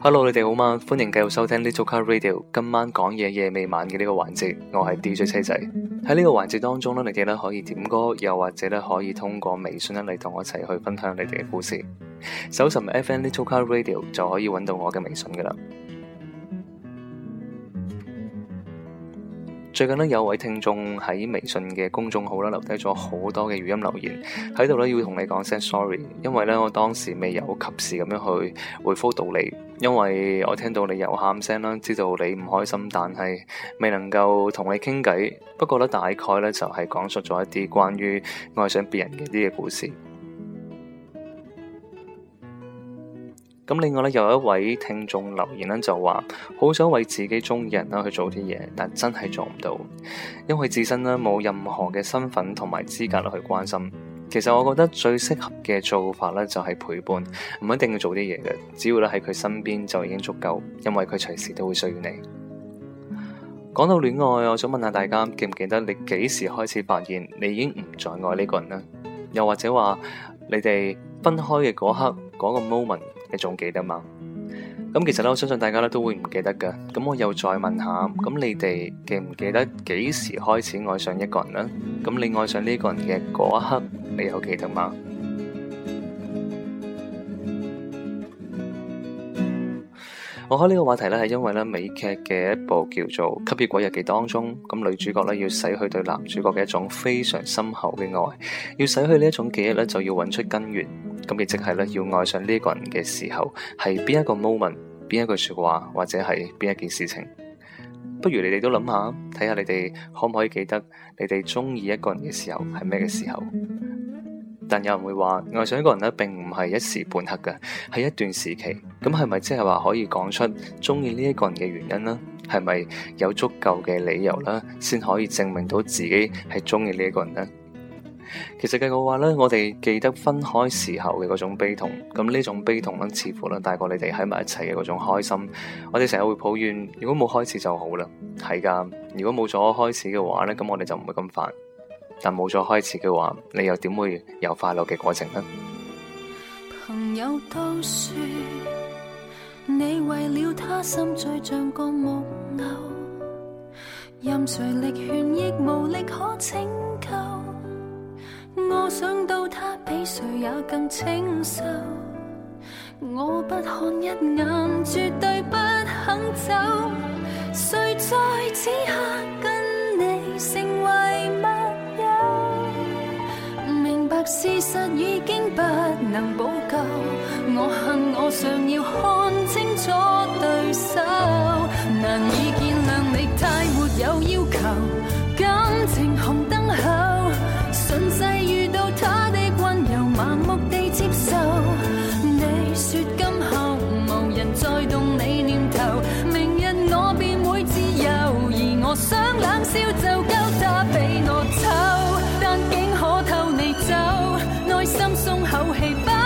Hello，你哋好嗎？歡迎繼續收聽 Little Car Radio，今晚講嘢夜未晚嘅呢個環節，我係 DJ 車仔。喺呢個環節當中咧，你記得可以點歌，又或者呢，可以通過微信咧嚟，同我一齊去分享你哋嘅故事。搜尋 FM Little Car Radio 就可以揾到我嘅微信㗎喇。最近咧有位聽眾喺微信嘅公眾號啦留低咗好多嘅語音留言，喺度咧要同你講聲 sorry，因為咧我當時未有及時咁樣去回覆到你，因為我聽到你有喊聲啦，知道你唔開心，但係未能夠同你傾偈。不過咧大概咧就係講述咗一啲關於愛上別人嘅啲嘅故事。咁，另外咧，有一位聽眾留言咧，就話好想為自己中意人啦去做啲嘢，但真係做唔到，因為自身呢冇任何嘅身份同埋資格去關心。其實我覺得最適合嘅做法咧，就係陪伴，唔一定要做啲嘢嘅，只要咧喺佢身邊就已經足夠，因為佢隨時都會需要你。講到戀愛，我想問下大家記唔記得你幾時開始發現你已經唔再愛呢個人呢？又或者話你哋分開嘅嗰刻嗰個 moment？你仲記得嘛？咁其實咧，我相信大家咧都會唔記得嘅。咁我又再問下，咁你哋記唔記得幾時開始愛上一個人呢？咁你愛上呢個人嘅嗰一刻，你有記得嗎？ 我開呢個話題咧，係因為咧美劇嘅一部叫做《吸血鬼日記》當中，咁女主角咧要洗去對男主角嘅一種非常深厚嘅愛，要洗去呢一種記憶咧，就要揾出根源。咁亦即係咧，要愛上呢一個人嘅時候，係邊一個 moment，邊一句說話，或者係邊一件事情。不如你哋都諗下，睇下你哋可唔可以記得你哋中意一個人嘅時候係咩嘅時候？但有人會話，愛上一個人咧，並唔係一時半刻嘅，係一段時期。咁係咪即係話可以講出中意呢一個人嘅原因呢？係咪有足夠嘅理由啦，先可以證明到自己係中意呢一個人呢？其實計我話咧，我哋記得分開時候嘅嗰種悲痛，咁呢種悲痛咧，似乎咧大過你哋喺埋一齊嘅嗰種開心。我哋成日會抱怨，如果冇開始就好啦。係噶，如果冇咗開始嘅話呢，咁我哋就唔會咁煩。但冇咗開始嘅話，你又點會有快樂嘅過程呢？朋友都說你為了他心醉，像個木偶，任誰力勸亦無力可拯救。我想到他比誰也更清秀，我不看一眼絕對不肯走，誰在此刻跟你成為密友？明白事實已經不能補救，我恨我想要看清楚對。心鬆口氣。